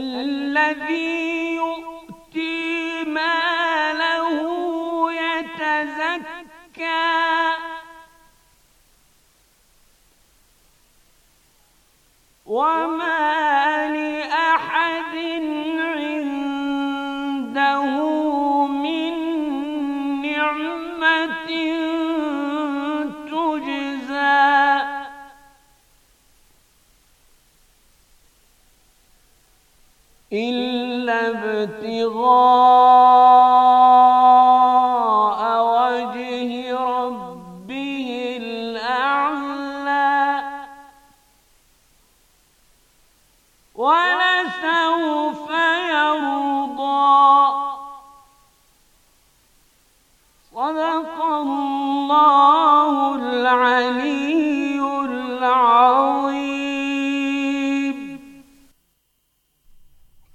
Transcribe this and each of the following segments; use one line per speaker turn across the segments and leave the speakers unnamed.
الذي ابتغاء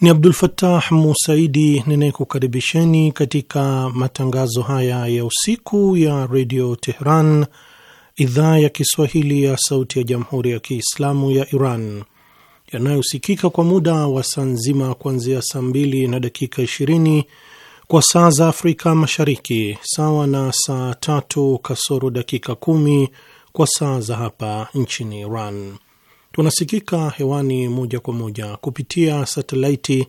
Ni Abdul Fatah Musaidi ninayekukaribisheni katika matangazo haya ya usiku ya redio Tehran, idhaa ya Kiswahili ya sauti ya jamhuri ya Kiislamu ya Iran, yanayosikika kwa muda wa saa nzima kuanzia saa mbili na dakika 20 kwa saa za Afrika Mashariki, sawa na saa tatu kasoro dakika kumi kwa saa za hapa nchini Iran. Tunasikika hewani moja kwa moja kupitia satelaiti,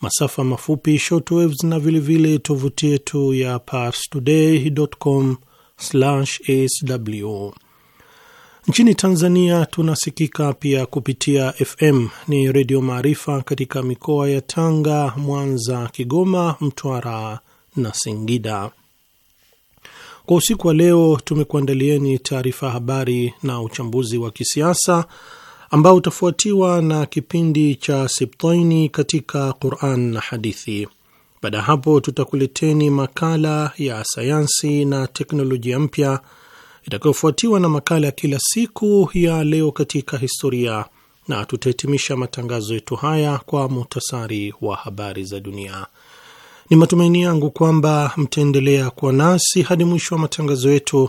masafa mafupi shortwaves, na vilevile tovuti yetu ya parstoday.com/sw. Nchini Tanzania tunasikika pia kupitia FM ni Redio Maarifa katika mikoa ya Tanga, Mwanza, Kigoma, Mtwara na Singida. Kwa usiku wa leo tumekuandalieni taarifa habari na uchambuzi wa kisiasa ambao utafuatiwa na kipindi cha Sibtaini katika Quran na Hadithi. Baada ya hapo, tutakuleteni makala ya sayansi na teknolojia mpya itakayofuatiwa na makala ya kila siku ya leo katika historia, na tutahitimisha matangazo yetu haya kwa muhtasari wa habari za dunia. Ni matumaini yangu kwamba mtaendelea kuwa nasi hadi mwisho wa matangazo yetu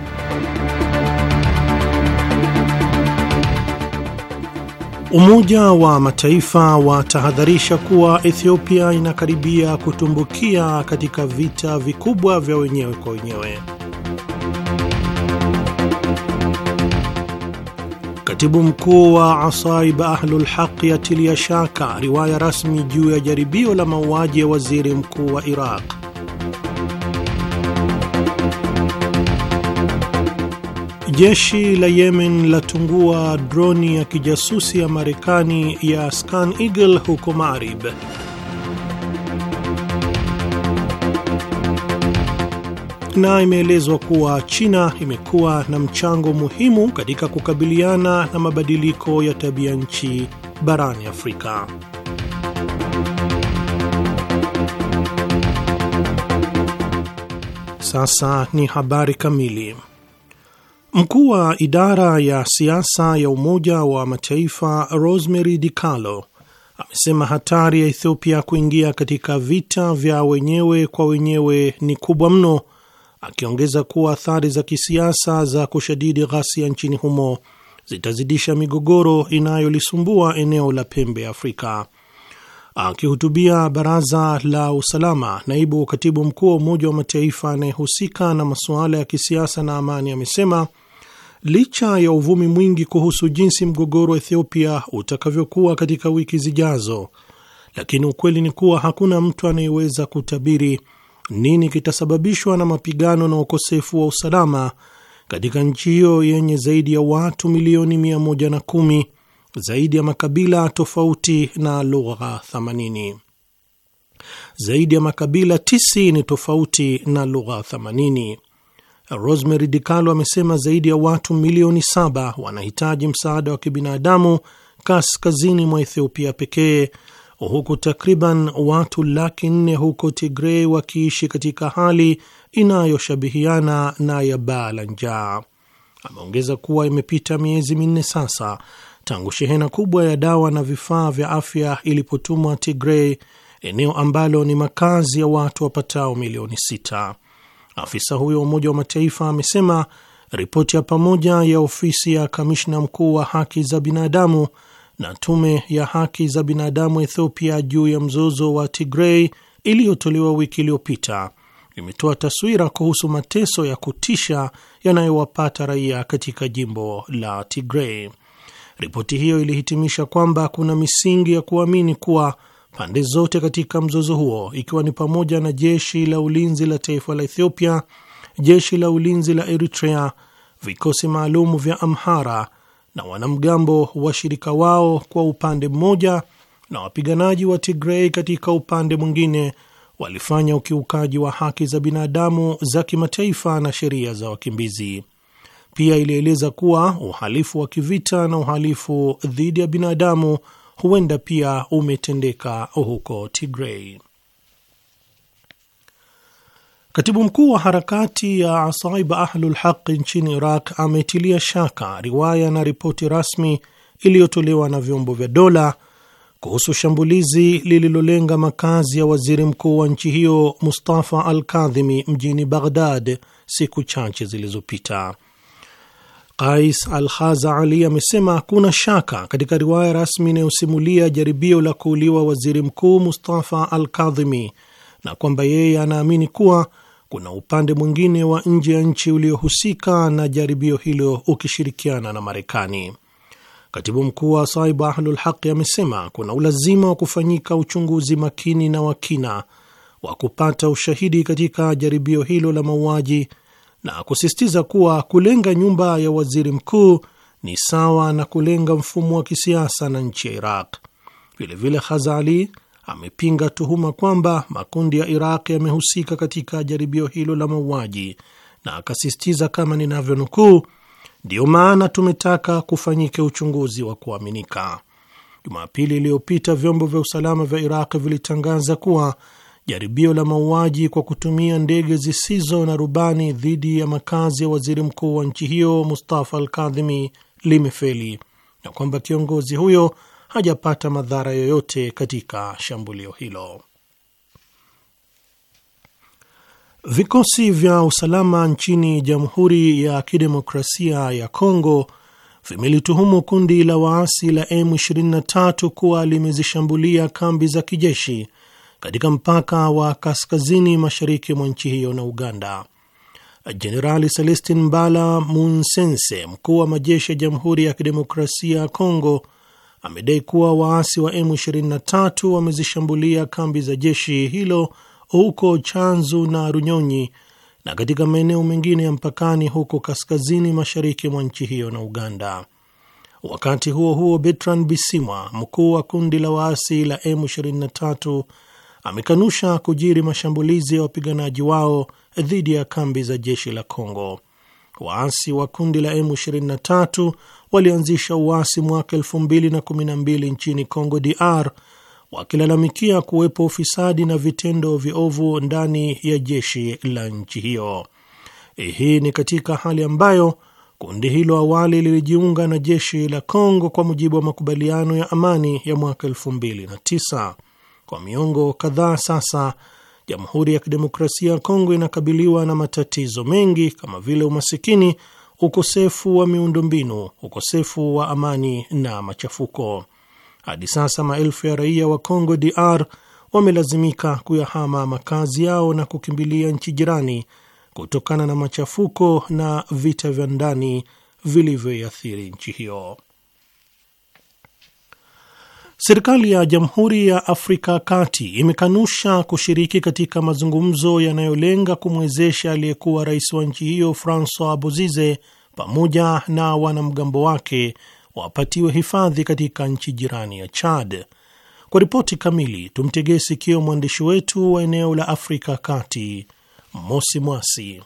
Umoja wa Mataifa watahadharisha kuwa Ethiopia inakaribia kutumbukia katika vita vikubwa vya wenyewe kwa wenyewe. Katibu mkuu wa Asaib Ahlul Haqi atilia shaka riwaya rasmi juu ya jaribio la mauaji ya waziri mkuu wa Iraq. Jeshi la Yemen latungua droni ya kijasusi ya Marekani ya Scan Eagle huko Marib. Na imeelezwa kuwa China imekuwa na mchango muhimu katika kukabiliana na mabadiliko ya tabia nchi barani Afrika. Sasa ni habari kamili. Mkuu wa idara ya siasa ya Umoja wa Mataifa Rosemary DiCarlo amesema hatari ya Ethiopia kuingia katika vita vya wenyewe kwa wenyewe ni kubwa mno, akiongeza kuwa athari za kisiasa za kushadidi ghasia nchini humo zitazidisha migogoro inayolisumbua eneo la pembe Afrika. Akihutubia baraza la usalama, naibu katibu mkuu wa Umoja wa Mataifa anayehusika na masuala ya kisiasa na amani amesema licha ya uvumi mwingi kuhusu jinsi mgogoro wa Ethiopia utakavyokuwa katika wiki zijazo, lakini ukweli ni kuwa hakuna mtu anayeweza kutabiri nini kitasababishwa na mapigano na ukosefu wa usalama katika nchi hiyo yenye zaidi ya watu milioni 110, zaidi ya makabila tofauti na lugha 80, zaidi ya makabila 90 tofauti na lugha 80. Rosemary Dikalo amesema zaidi ya watu milioni saba wanahitaji msaada wa kibinadamu kaskazini mwa Ethiopia pekee, huku takriban watu laki nne huko Tigrei wakiishi katika hali inayoshabihiana na ya baa la njaa. Ameongeza kuwa imepita miezi minne sasa tangu shehena kubwa ya dawa na vifaa vya afya ilipotumwa Tigrei, eneo ambalo ni makazi ya watu wapatao milioni sita. Afisa huyo wa Umoja wa Mataifa amesema ripoti ya pamoja ya ofisi ya kamishna mkuu wa haki za binadamu na tume ya haki za binadamu Ethiopia juu ya mzozo wa Tigrei iliyotolewa wiki iliyopita imetoa taswira kuhusu mateso ya kutisha yanayowapata raia katika jimbo la Tigrei. Ripoti hiyo ilihitimisha kwamba kuna misingi ya kuamini kuwa Pande zote katika mzozo huo, ikiwa ni pamoja na jeshi la ulinzi la taifa la Ethiopia, jeshi la ulinzi la Eritrea, vikosi maalum vya Amhara na wanamgambo washirika wao kwa upande mmoja, na wapiganaji wa Tigrei katika upande mwingine, walifanya ukiukaji wa haki za binadamu za kimataifa na sheria za wakimbizi. Pia ilieleza kuwa uhalifu wa kivita na uhalifu dhidi ya binadamu huenda pia umetendeka huko Tigray. Katibu mkuu wa harakati ya Asaiba Ahlul haq nchini Iraq ametilia shaka riwaya na ripoti rasmi iliyotolewa na vyombo vya dola kuhusu shambulizi lililolenga makazi ya waziri mkuu wa nchi hiyo Mustafa Al Kadhimi mjini Baghdad siku chache zilizopita. Qais Al-Khazaali amesema hakuna shaka katika riwaya rasmi inayosimulia jaribio la kuuliwa waziri mkuu Mustafa Al-Kadhimi na kwamba yeye anaamini kuwa kuna upande mwingine wa nje ya nchi uliohusika na jaribio hilo ukishirikiana na Marekani. Katibu mkuu wa Saiba Ahlul Haqi amesema kuna ulazima wa kufanyika uchunguzi makini na wakina wa kupata ushahidi katika jaribio hilo la mauaji na kusisitiza kuwa kulenga nyumba ya waziri mkuu ni sawa na kulenga mfumo wa kisiasa na nchi ya Iraq. Vilevile Khazali amepinga tuhuma kwamba makundi ya Iraq yamehusika katika jaribio hilo la mauaji na akasisitiza kama ninavyonukuu, ndiyo maana tumetaka kufanyike uchunguzi wa kuaminika. Jumapili iliyopita vyombo vya usalama vya Iraq vilitangaza kuwa jaribio la mauaji kwa kutumia ndege zisizo na rubani dhidi ya makazi ya waziri mkuu wa nchi hiyo Mustafa Al-Kadhimi limefeli na kwamba kiongozi huyo hajapata madhara yoyote katika shambulio hilo. Vikosi vya usalama nchini Jamhuri ya Kidemokrasia ya Kongo vimelituhumu kundi la waasi la M23 kuwa limezishambulia kambi za kijeshi katika mpaka wa kaskazini mashariki mwa nchi hiyo na Uganda. Jenerali Celestin Mbala Munsense, mkuu wa majeshi ya Jamhuri ya Kidemokrasia ya Kongo, amedai kuwa waasi wa M23 wamezishambulia kambi za jeshi hilo huko Chanzu na Runyonyi na katika maeneo mengine ya mpakani huko kaskazini mashariki mwa nchi hiyo na Uganda. Wakati huo huo, Bertrand Bisimwa, mkuu wa kundi la waasi la M23 amekanusha kujiri mashambulizi ya wapiganaji wao dhidi ya kambi za jeshi la Kongo. Waasi wa kundi la M23 walianzisha uasi mwaka 2012 nchini Kongo DR wakilalamikia kuwepo ufisadi na vitendo viovu ndani ya jeshi la nchi hiyo. Eh, hii ni katika hali ambayo kundi hilo awali lilijiunga na jeshi la Kongo kwa mujibu wa makubaliano ya amani ya mwaka 2009. Kwa miongo kadhaa sasa, Jamhuri ya Kidemokrasia ya Kongo inakabiliwa na matatizo mengi kama vile umasikini, ukosefu wa miundombinu, ukosefu wa amani na machafuko. Hadi sasa maelfu ya raia wa Kongo DR wamelazimika kuyahama makazi yao na kukimbilia nchi jirani kutokana na machafuko na vita vya ndani vilivyoiathiri nchi hiyo. Serikali ya Jamhuri ya Afrika Kati imekanusha kushiriki katika mazungumzo yanayolenga kumwezesha aliyekuwa rais wa nchi hiyo Francois Bozize pamoja na wanamgambo wake wapatiwe hifadhi katika nchi jirani ya Chad. Kwa ripoti kamili, tumtegee sikio mwandishi wetu wa eneo la Afrika Kati, Mosi Mwasi.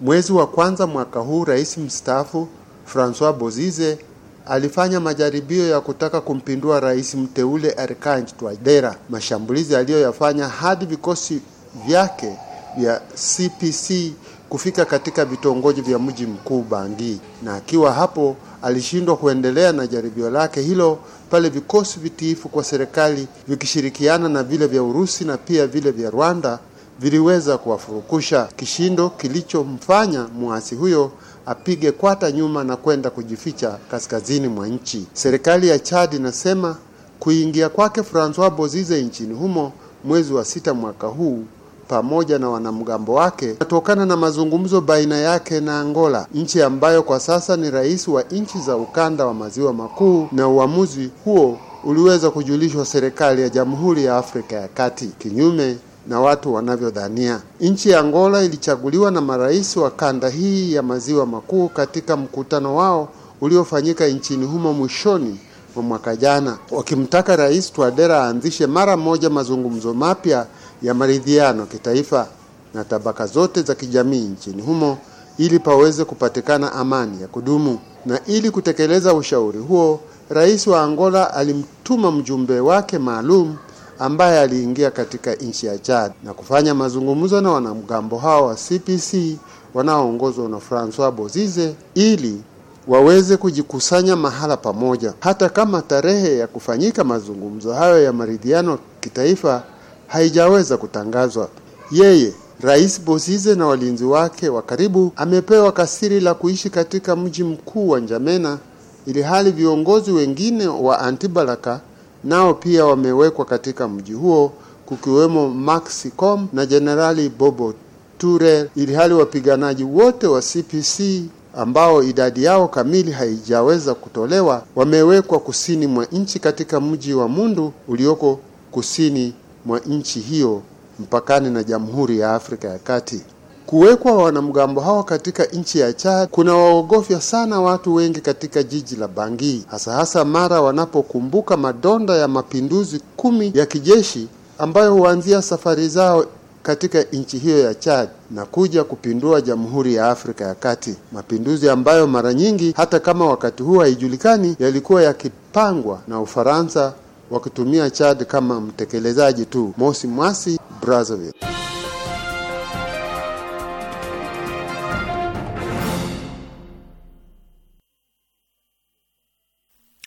Mwezi wa kwanza mwaka huu, rais mstaafu Francois Bozize alifanya majaribio ya kutaka kumpindua rais mteule Arkanj Twadera, mashambulizi aliyoyafanya hadi vikosi vyake vya CPC kufika katika vitongoji vya mji mkuu Bangi, na akiwa hapo alishindwa kuendelea na jaribio lake hilo pale vikosi vitiifu kwa serikali vikishirikiana na vile vya Urusi na pia vile vya Rwanda viliweza kuwafurukusha, kishindo kilichomfanya mwasi huyo apige kwata nyuma na kwenda kujificha kaskazini mwa nchi. Serikali ya Chad inasema kuingia kwake Francois Bozize nchini humo mwezi wa sita mwaka huu pamoja na wanamgambo wake natokana na mazungumzo baina yake na Angola, nchi ambayo kwa sasa ni rais wa nchi za ukanda wa maziwa makuu, na uamuzi huo uliweza kujulishwa serikali ya Jamhuri ya Afrika ya Kati kinyume na watu wanavyodhania. Nchi ya Angola ilichaguliwa na marais wa kanda hii ya maziwa makuu katika mkutano wao uliofanyika nchini humo mwishoni mwa mwaka jana, wakimtaka Rais Touadera aanzishe mara moja mazungumzo mapya ya maridhiano kitaifa na tabaka zote za kijamii nchini humo ili paweze kupatikana amani ya kudumu. Na ili kutekeleza ushauri huo, rais wa Angola alimtuma mjumbe wake maalum ambaye aliingia katika nchi ya Chad na kufanya mazungumzo na wanamgambo hao wa CPC wanaoongozwa na Francois Bozize ili waweze kujikusanya mahala pamoja, hata kama tarehe ya kufanyika mazungumzo hayo ya maridhiano kitaifa haijaweza kutangazwa. Yeye Rais Bozize na walinzi wake wa karibu amepewa kasiri la kuishi katika mji mkuu wa Njamena, ili hali viongozi wengine wa Antibalaka nao pia wamewekwa katika mji huo kukiwemo Maxicom na Jenerali Bobo Ture, ili hali wapiganaji wote wa CPC ambao idadi yao kamili haijaweza kutolewa wamewekwa kusini mwa nchi katika mji wa Mundu ulioko kusini mwa nchi hiyo mpakani na Jamhuri ya Afrika ya Kati. Kuwekwa wanamgambo hawa katika nchi ya Chad kunawaogofya sana watu wengi katika jiji la Bangi, hasa hasa mara wanapokumbuka madonda ya mapinduzi kumi ya kijeshi ambayo huanzia safari zao katika nchi hiyo ya Chad na kuja kupindua Jamhuri ya Afrika ya Kati, mapinduzi ambayo mara nyingi hata kama wakati huo haijulikani yalikuwa yakipangwa na Ufaransa wakitumia Chad kama mtekelezaji tu. Mosi Mwasi, Brazzaville.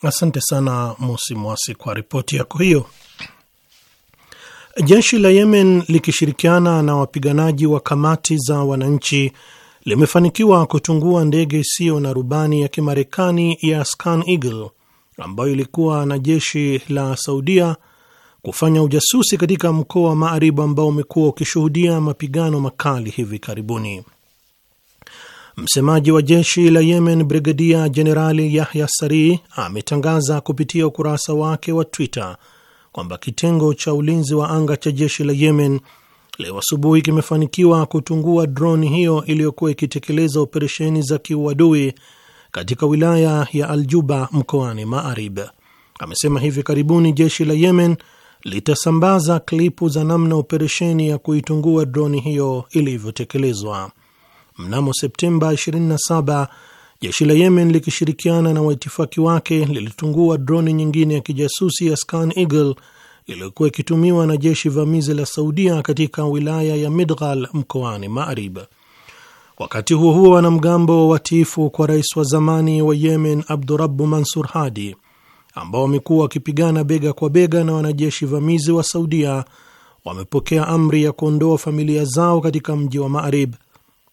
Asante sana Mosi Mwasi kwa ripoti yako hiyo. Jeshi la Yemen likishirikiana na wapiganaji wa kamati za wananchi limefanikiwa kutungua ndege isiyo na rubani ya Kimarekani ya Scan Eagle ambayo ilikuwa na jeshi la Saudia kufanya ujasusi katika mkoa wa Maarib ambao umekuwa ukishuhudia mapigano makali hivi karibuni. Msemaji wa jeshi la Yemen, Brigadia Jenerali Yahya Sari, ametangaza kupitia ukurasa wake wa Twitter kwamba kitengo cha ulinzi wa anga cha jeshi la Yemen leo asubuhi kimefanikiwa kutungua droni hiyo iliyokuwa ikitekeleza operesheni za kiuadui katika wilaya ya Aljuba mkoani Maarib. Amesema hivi karibuni jeshi la Yemen litasambaza klipu za namna operesheni ya kuitungua droni hiyo ilivyotekelezwa. Mnamo Septemba 27 jeshi la Yemen likishirikiana na waitifaki wake lilitungua droni nyingine ya kijasusi ya Scan Eagle iliyokuwa ikitumiwa na jeshi vamizi la Saudia katika wilaya ya Midghal mkoani Marib. Wakati huo huo, wanamgambo wa watiifu kwa rais wa zamani wa Yemen Abdurabu Mansur Hadi ambao wamekuwa wakipigana bega kwa bega na wanajeshi vamizi wa Saudia wamepokea amri ya kuondoa familia zao katika mji wa Marib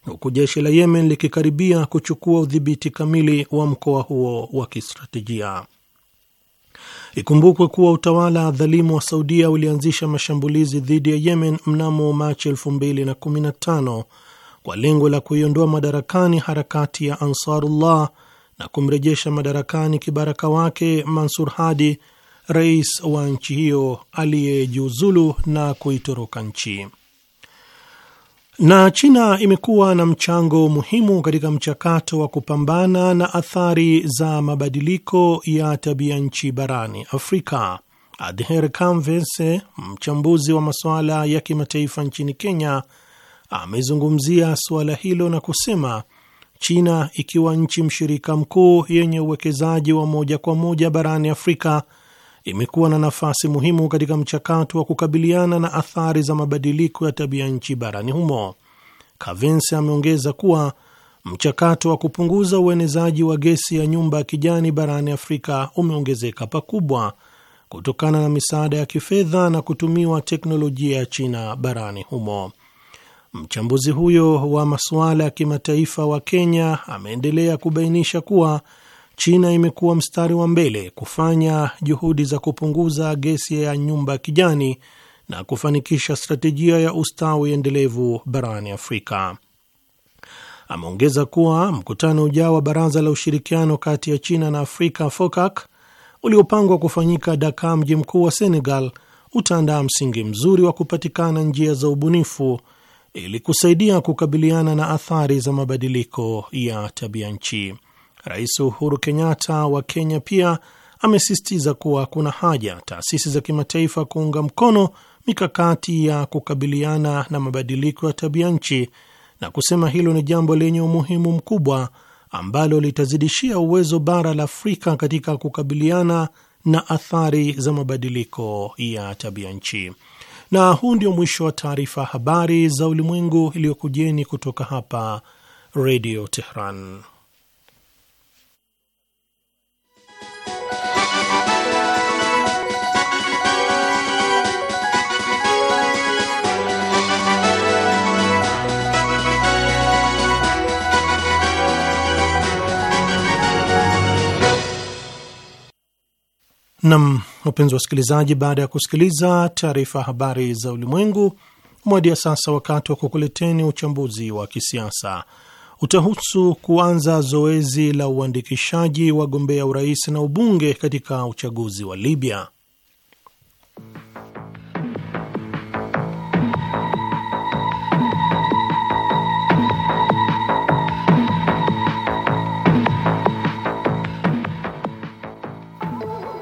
huku jeshi la Yemen likikaribia kuchukua udhibiti kamili wa mkoa huo wa kistratejia. Ikumbukwe kuwa utawala dhalimu wa Saudia ulianzisha mashambulizi dhidi ya Yemen mnamo Machi 2015 kwa lengo la kuiondoa madarakani harakati ya Ansarullah na kumrejesha madarakani kibaraka wake Mansur Hadi, rais wa nchi hiyo aliyejiuzulu na kuitoroka nchi. Na China imekuwa na mchango muhimu katika mchakato wa kupambana na athari za mabadiliko ya tabia nchi barani Afrika. Adher Kamvese, mchambuzi wa masuala ya kimataifa nchini Kenya, amezungumzia suala hilo na kusema China ikiwa nchi mshirika mkuu yenye uwekezaji wa moja kwa moja barani Afrika imekuwa na nafasi muhimu katika mchakato wa kukabiliana na athari za mabadiliko ya tabia nchi barani humo. Kavins ameongeza kuwa mchakato wa kupunguza uenezaji wa gesi ya nyumba ya kijani barani Afrika umeongezeka pakubwa kutokana na misaada ya kifedha na kutumiwa teknolojia ya China barani humo. Mchambuzi huyo wa masuala ya kimataifa wa Kenya ameendelea kubainisha kuwa China imekuwa mstari wa mbele kufanya juhudi za kupunguza gesi ya nyumba ya kijani na kufanikisha stratejia ya ustawi endelevu barani Afrika. Ameongeza kuwa mkutano ujao wa Baraza la Ushirikiano kati ya China na Afrika FOCAC uliopangwa kufanyika Dakar, mji mkuu wa Senegal, utaandaa msingi mzuri wa kupatikana njia za ubunifu ili kusaidia kukabiliana na athari za mabadiliko ya tabia nchi. Rais Uhuru Kenyatta wa Kenya pia amesisitiza kuwa kuna haja taasisi za kimataifa kuunga mkono mikakati ya kukabiliana na mabadiliko ya tabia nchi na kusema hilo ni jambo lenye umuhimu mkubwa ambalo litazidishia uwezo bara la Afrika katika kukabiliana na athari za mabadiliko ya tabia nchi. Na huu ndio mwisho wa taarifa habari za ulimwengu iliyokujeni kutoka hapa Radio Tehran. Nam, wapenzi wasikilizaji, baada ya kusikiliza taarifa habari za ulimwengu, ya sasa wakati wa kukuleteni uchambuzi wa kisiasa. Utahusu kuanza zoezi la uandikishaji wagombea urais na ubunge katika uchaguzi wa Libya.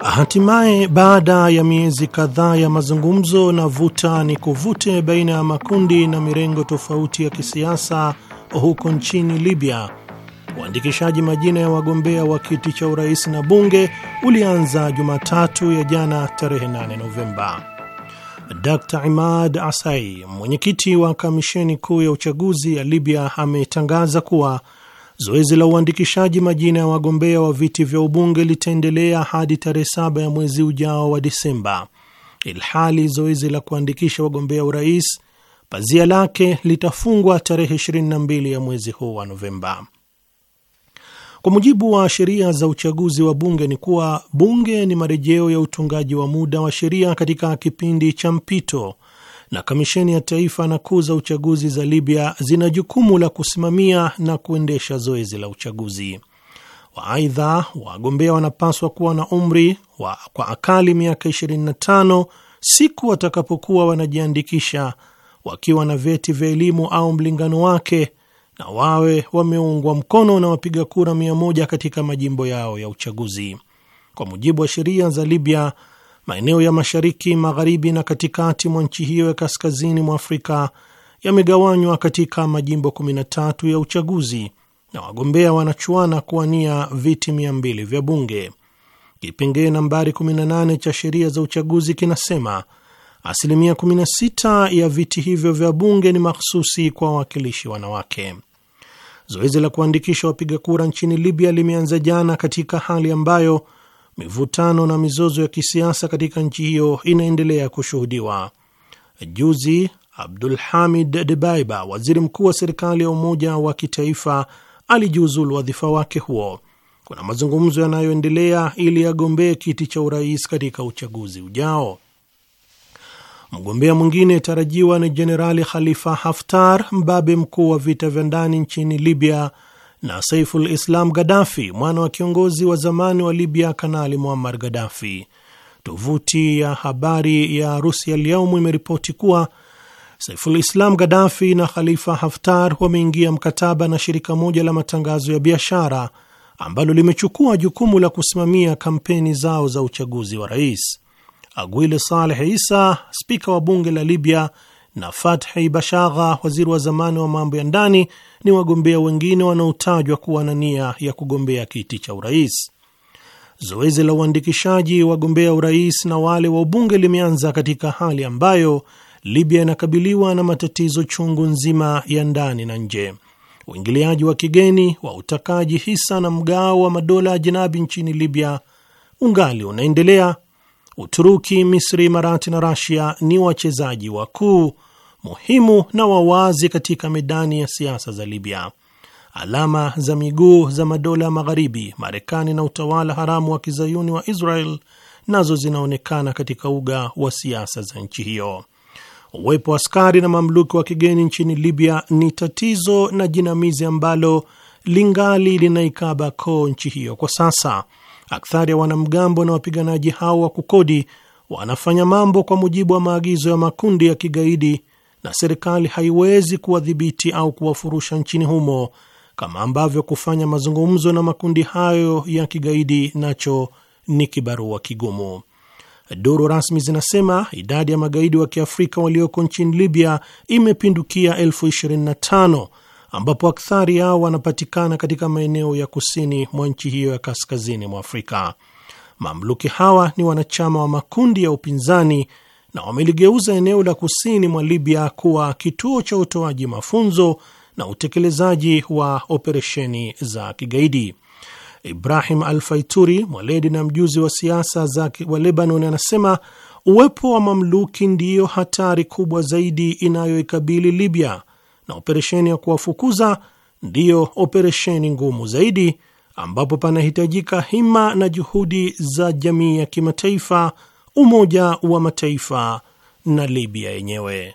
Hatimaye, baada ya miezi kadhaa ya mazungumzo na vuta ni kuvute baina ya makundi na mirengo tofauti ya kisiasa huko nchini Libya, uandikishaji majina ya wagombea wa kiti cha urais na bunge ulianza Jumatatu ya jana tarehe 8 Novemba. Dr Imad Asai, mwenyekiti wa kamisheni kuu ya uchaguzi ya Libya, ametangaza kuwa Zoezi la uandikishaji majina ya wagombea wa viti vya ubunge litaendelea hadi tarehe saba ya mwezi ujao wa Disemba, ilhali zoezi la kuandikisha wagombea urais pazia lake litafungwa tarehe 22 ya mwezi huu wa Novemba. Kwa mujibu wa sheria za uchaguzi wa bunge ni kuwa bunge ni marejeo ya utungaji wa muda wa sheria katika kipindi cha mpito na Kamisheni ya Taifa na Kuu za Uchaguzi za Libya zina jukumu la kusimamia na kuendesha zoezi la uchaguzi. Waaidha, wagombea wanapaswa kuwa na umri wa kwa akali miaka 25 siku watakapokuwa wanajiandikisha, wakiwa na vyeti vya elimu au mlingano wake, na wawe wameungwa mkono na wapiga kura 1 katika majimbo yao ya uchaguzi. Kwa mujibu wa sheria za Libya, maeneo ya mashariki, magharibi na katikati mwa nchi hiyo ya kaskazini mwa Afrika yamegawanywa katika majimbo 13 ya uchaguzi na wagombea wanachuana kuwania viti 200 vya bunge. Kipengee nambari 18 cha sheria za uchaguzi kinasema asilimia 16 ya viti hivyo vya bunge ni mahsusi kwa wawakilishi wanawake. Zoezi la kuandikisha wapiga kura nchini Libya limeanza jana katika hali ambayo mivutano na mizozo ya kisiasa katika nchi hiyo inaendelea kushuhudiwa. Juzi Abdul Hamid Debaiba, waziri mkuu wa serikali ya umoja wa kitaifa, alijiuzulu wadhifa wake huo. Kuna mazungumzo yanayoendelea ili agombee kiti cha urais katika uchaguzi ujao. Mgombea mwingine tarajiwa ni Jenerali Khalifa Haftar, mbabe mkuu wa vita vya ndani nchini Libya na Saiful Islam Gaddafi, mwana wa kiongozi wa zamani wa Libya Kanali Muammar Gaddafi. Tovuti ya habari ya Rusia Alyaumu imeripoti kuwa Saiful Islam Gaddafi na Khalifa Haftar wameingia mkataba na shirika moja la matangazo ya biashara ambalo limechukua jukumu la kusimamia kampeni zao za uchaguzi wa rais. Aguile Saleh Isa, spika wa bunge la Libya, na Fathi Bashagha, waziri wa zamani wa mambo ya ndani, ni wagombea wengine wanaotajwa kuwa na nia ya kugombea kiti cha urais. Zoezi la uandikishaji wagombea urais na wale wa ubunge limeanza katika hali ambayo Libya inakabiliwa na matatizo chungu nzima ya ndani na nje. Uingiliaji wa kigeni wa utakaji hisa na mgao wa madola ya jinabi nchini Libya ungali unaendelea Uturuki, Misri, Imarati na Rasia ni wachezaji wakuu muhimu na wawazi katika medani ya siasa za Libya. Alama za miguu za madola ya Magharibi, Marekani na utawala haramu wa kizayuni wa Israel nazo zinaonekana katika uga wa siasa za nchi hiyo. Uwepo wa askari na mamluki wa kigeni nchini Libya ni tatizo na jinamizi ambalo lingali linaikaba koo nchi hiyo kwa sasa. Akthari ya wanamgambo na wapiganaji hao wa kukodi wanafanya mambo kwa mujibu wa maagizo ya makundi ya kigaidi na serikali haiwezi kuwadhibiti au kuwafurusha nchini humo kama ambavyo kufanya mazungumzo na makundi hayo ya kigaidi nacho ni kibarua kigumu. Duru rasmi zinasema idadi ya magaidi wa Kiafrika walioko nchini Libya imepindukia elfu ishirini na tano ambapo akthari yao wanapatikana katika maeneo ya kusini mwa nchi hiyo ya kaskazini mwa Afrika. Mamluki hawa ni wanachama wa makundi ya upinzani na wameligeuza eneo la kusini mwa Libya kuwa kituo cha utoaji mafunzo na utekelezaji wa operesheni za kigaidi. Ibrahim Al-Faituri, na mjuzi wa siasa za wa Lebanon, anasema uwepo wa mamluki ndiyo hatari kubwa zaidi inayoikabili Libya na operesheni ya kuwafukuza ndiyo operesheni ngumu zaidi, ambapo panahitajika hima na juhudi za jamii ya kimataifa, Umoja wa Mataifa na Libya yenyewe.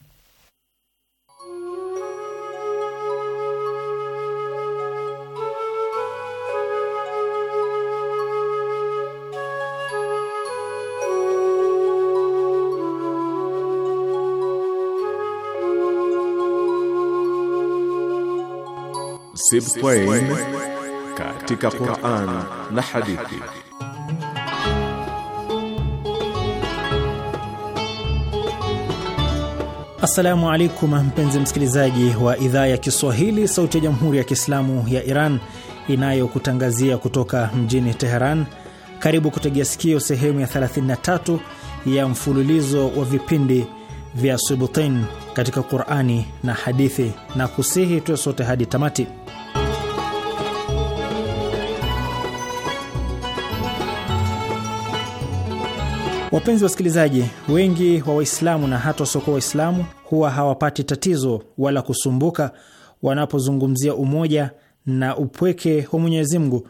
Sibtain katika Qur'an na hadithi.
Assalamu alaikum mpenzi msikilizaji wa idhaa ya Kiswahili sauti ya Jamhuri ya Kiislamu ya Iran inayokutangazia kutoka mjini Teheran. Karibu kutegea sikio sehemu ya 33 ya mfululizo wa vipindi vya Subutain katika Qur'ani na hadithi na kusihi tuwe sote hadi tamati. Wapenzi wasikilizaji, wengi wa Waislamu na hata wasiokuwa Waislamu huwa hawapati tatizo wala kusumbuka wanapozungumzia umoja na upweke wa Mwenyezi Mungu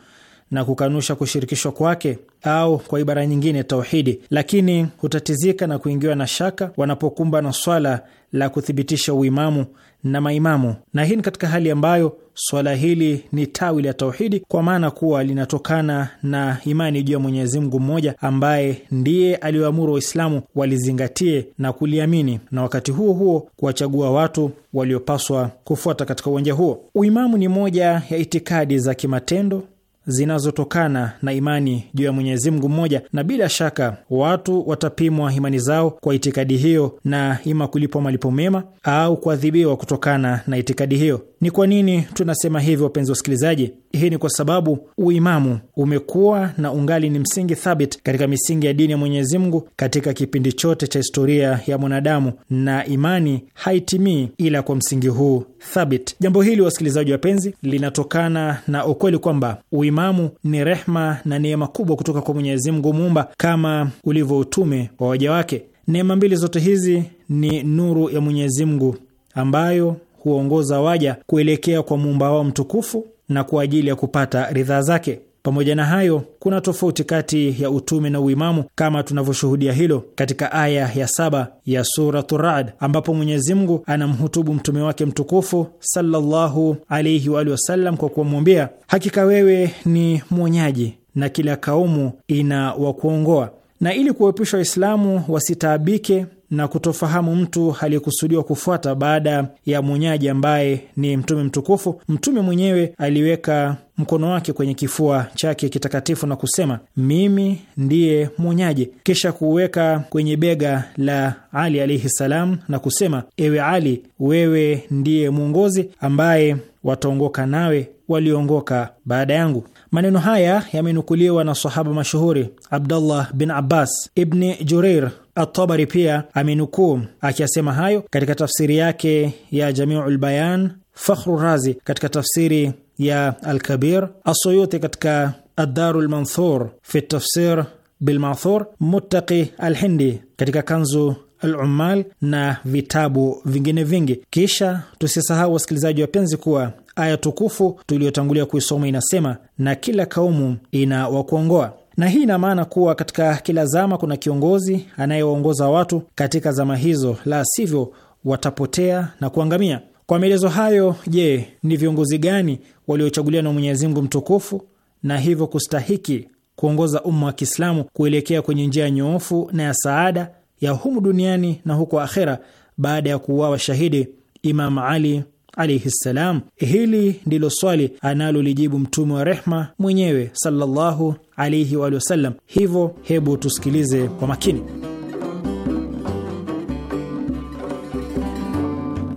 na kukanusha kushirikishwa kwake au kwa ibara nyingine tauhidi, lakini hutatizika na kuingiwa na shaka wanapokumba na swala la kuthibitisha uimamu na maimamu, na hii ni katika hali ambayo swala hili ni tawi la tauhidi, kwa maana kuwa linatokana na imani juu ya Mwenyezi Mungu mmoja ambaye ndiye aliyoamuru Waislamu walizingatie na kuliamini, na wakati huo huo kuwachagua watu waliopaswa kufuata katika uwanja huo. Uimamu ni moja ya itikadi za kimatendo zinazotokana na imani juu ya Mwenyezi Mungu mmoja, na bila shaka watu watapimwa imani zao kwa itikadi hiyo na ima kulipwa malipo mema au kuadhibiwa kutokana na itikadi hiyo. Ni kwa nini tunasema hivyo, wapenzi wasikilizaji? Hii ni kwa sababu uimamu umekuwa na ungali ni msingi thabit katika misingi ya dini ya Mwenyezi Mungu katika kipindi chote cha historia ya mwanadamu, na imani haitimii ila kwa msingi huu thabit. Jambo hili wasikilizaji wapenzi, linatokana na ukweli kwamba uimamu ni rehma na neema kubwa kutoka kwa Mwenyezi Mungu muumba kama ulivyo utume wa waja wake. Neema mbili zote hizi ni nuru ya Mwenyezi Mungu ambayo huongoza waja kuelekea kwa muumba wao mtukufu na kwa ajili ya kupata ridhaa zake. Pamoja na hayo, kuna tofauti kati ya utume na uimamu kama tunavyoshuhudia hilo katika aya ya saba ya Suratu ambapo Mwenyezi Mungu anamhutubu mtume wake mtukufu sallallahu alaihi waalihi wasallam kwa kumwambia, hakika wewe ni mwonyaji na kila kaumu ina wakuongoa. Na ili kuwepusha Waislamu wasitaabike na kutofahamu mtu aliyekusudiwa kufuata baada ya mwonyaji ambaye ni mtume mtukufu, mtume mwenyewe aliweka mkono wake kwenye kifua chake kitakatifu na kusema, mimi ndiye mwonyaji, kisha kuweka kwenye bega la Ali alaihi salam na kusema, ewe Ali, wewe ndiye mwongozi ambaye wataongoka nawe walioongoka baada yangu. Maneno haya yamenukuliwa na sahaba mashuhuri Abdullah bin Abbas, Ibni Jureir atabari pia amenukuu akiyasema hayo katika tafsiri yake ya jamiu lbayan Fakhru Razi katika tafsiri ya alkabir asoyuti katika Adaru lmanthur fi tafsir bilmathur, mutaki alhindi katika Kanzu alumal na vitabu vingine vingi. Kisha tusisahau wasikilizaji wapenzi, kuwa aya tukufu tuliyotangulia kuisoma inasema, na kila kaumu ina wakuongoa na hii ina maana kuwa katika kila zama kuna kiongozi anayewaongoza watu katika zama hizo, la sivyo watapotea na kuangamia. Kwa maelezo hayo, je, ni viongozi gani waliochaguliwa na Mwenyezi Mungu mtukufu na hivyo kustahiki kuongoza umma wa Kiislamu kuelekea kwenye njia ya nyoofu na ya saada ya humu duniani na huko akhera baada ya kuuawa shahidi Imam Ali alaihi ssalam. Hili ndilo swali analolijibu mtume wa rehma mwenyewe sallallahu alaihi waalihi wasallam. Hivyo hebu tusikilize kwa makini.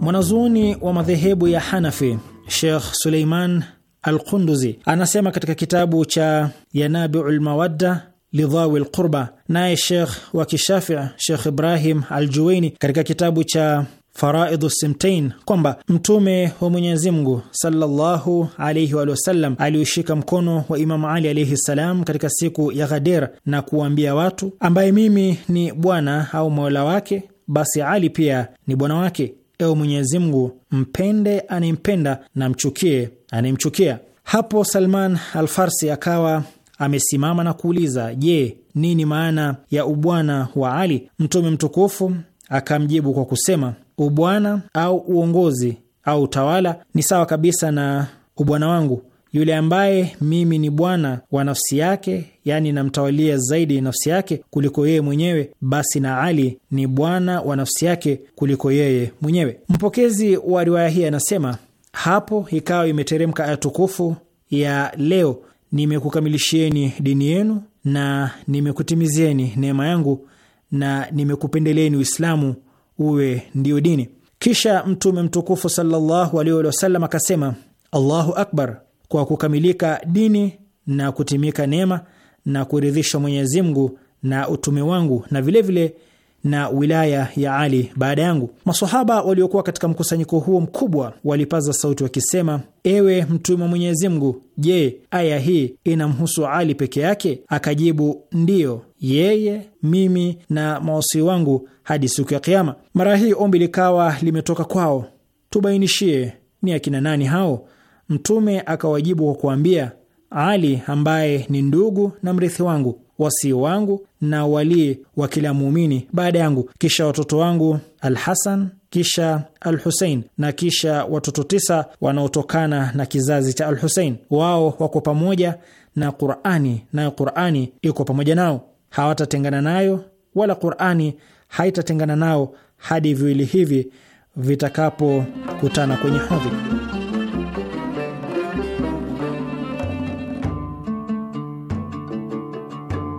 Mwanazuoni wa madhehebu ya Hanafi Sheikh Suleiman Alqunduzi anasema katika kitabu cha Yanabiu lmawadda lidhawi lqurba. Naye Shekh wa Kishafii Shekh Ibrahim Aljuwaini katika kitabu cha Faraidu Simtain kwamba Mtume wa Mwenyezi Mungu sallallahu alaihi wa sallam aliushika mkono wa Imamu Ali alaihi salam katika siku ya Ghadir na kuwaambia watu, ambaye mimi ni bwana au mola wake, basi Ali pia ni bwana wake. Ewe Mwenyezi Mungu, mpende anayempenda na mchukie anayemchukia. Hapo Salman Alfarsi akawa amesimama na kuuliza, je, nini maana ya ubwana wa Ali? Mtume mtukufu akamjibu kwa kusema ubwana au uongozi au utawala ni sawa kabisa na ubwana wangu yule ambaye mimi ni bwana wa nafsi yake, yaani namtawalia zaidi nafsi yake kuliko yeye mwenyewe, basi na Ali ni bwana wa nafsi yake kuliko yeye mwenyewe. Mpokezi wa riwaya hii anasema, hapo ikawa imeteremka aya tukufu ya leo, nimekukamilishieni dini yenu na nimekutimizieni neema yangu na nimekupendeleeni Uislamu uwe ndio dini. Kisha Mtume mtukufu sallallahu alaihi wasallam akasema, Allahu akbar, kwa kukamilika dini na kutimika neema na kuridhishwa Mwenyezi Mungu na utume wangu na vilevile vile na wilaya ya Ali baada yangu. Masahaba waliokuwa katika mkusanyiko huo mkubwa walipaza sauti wakisema, ewe Mtume wa Mwenyezi Mungu, je, aya hii inamhusu Ali peke yake? Akajibu, ndiyo, yeye, mimi na mawasii wangu hadi siku ya Kiama. Mara hii ombi likawa limetoka kwao, tubainishie ni akina nani hao? Mtume akawajibu kwa kuambia, Ali ambaye ni ndugu na mrithi wangu wasii wangu na walii wa kila muumini baada yangu, kisha watoto wangu Alhasan, kisha Alhusein na kisha watoto tisa wanaotokana na kizazi cha Alhusein. Wao wako pamoja na Qurani, nayo Qurani iko pamoja nao, hawatatengana nayo, wala Qurani haitatengana nao hadi viwili hivi vitakapokutana kwenye hodhi.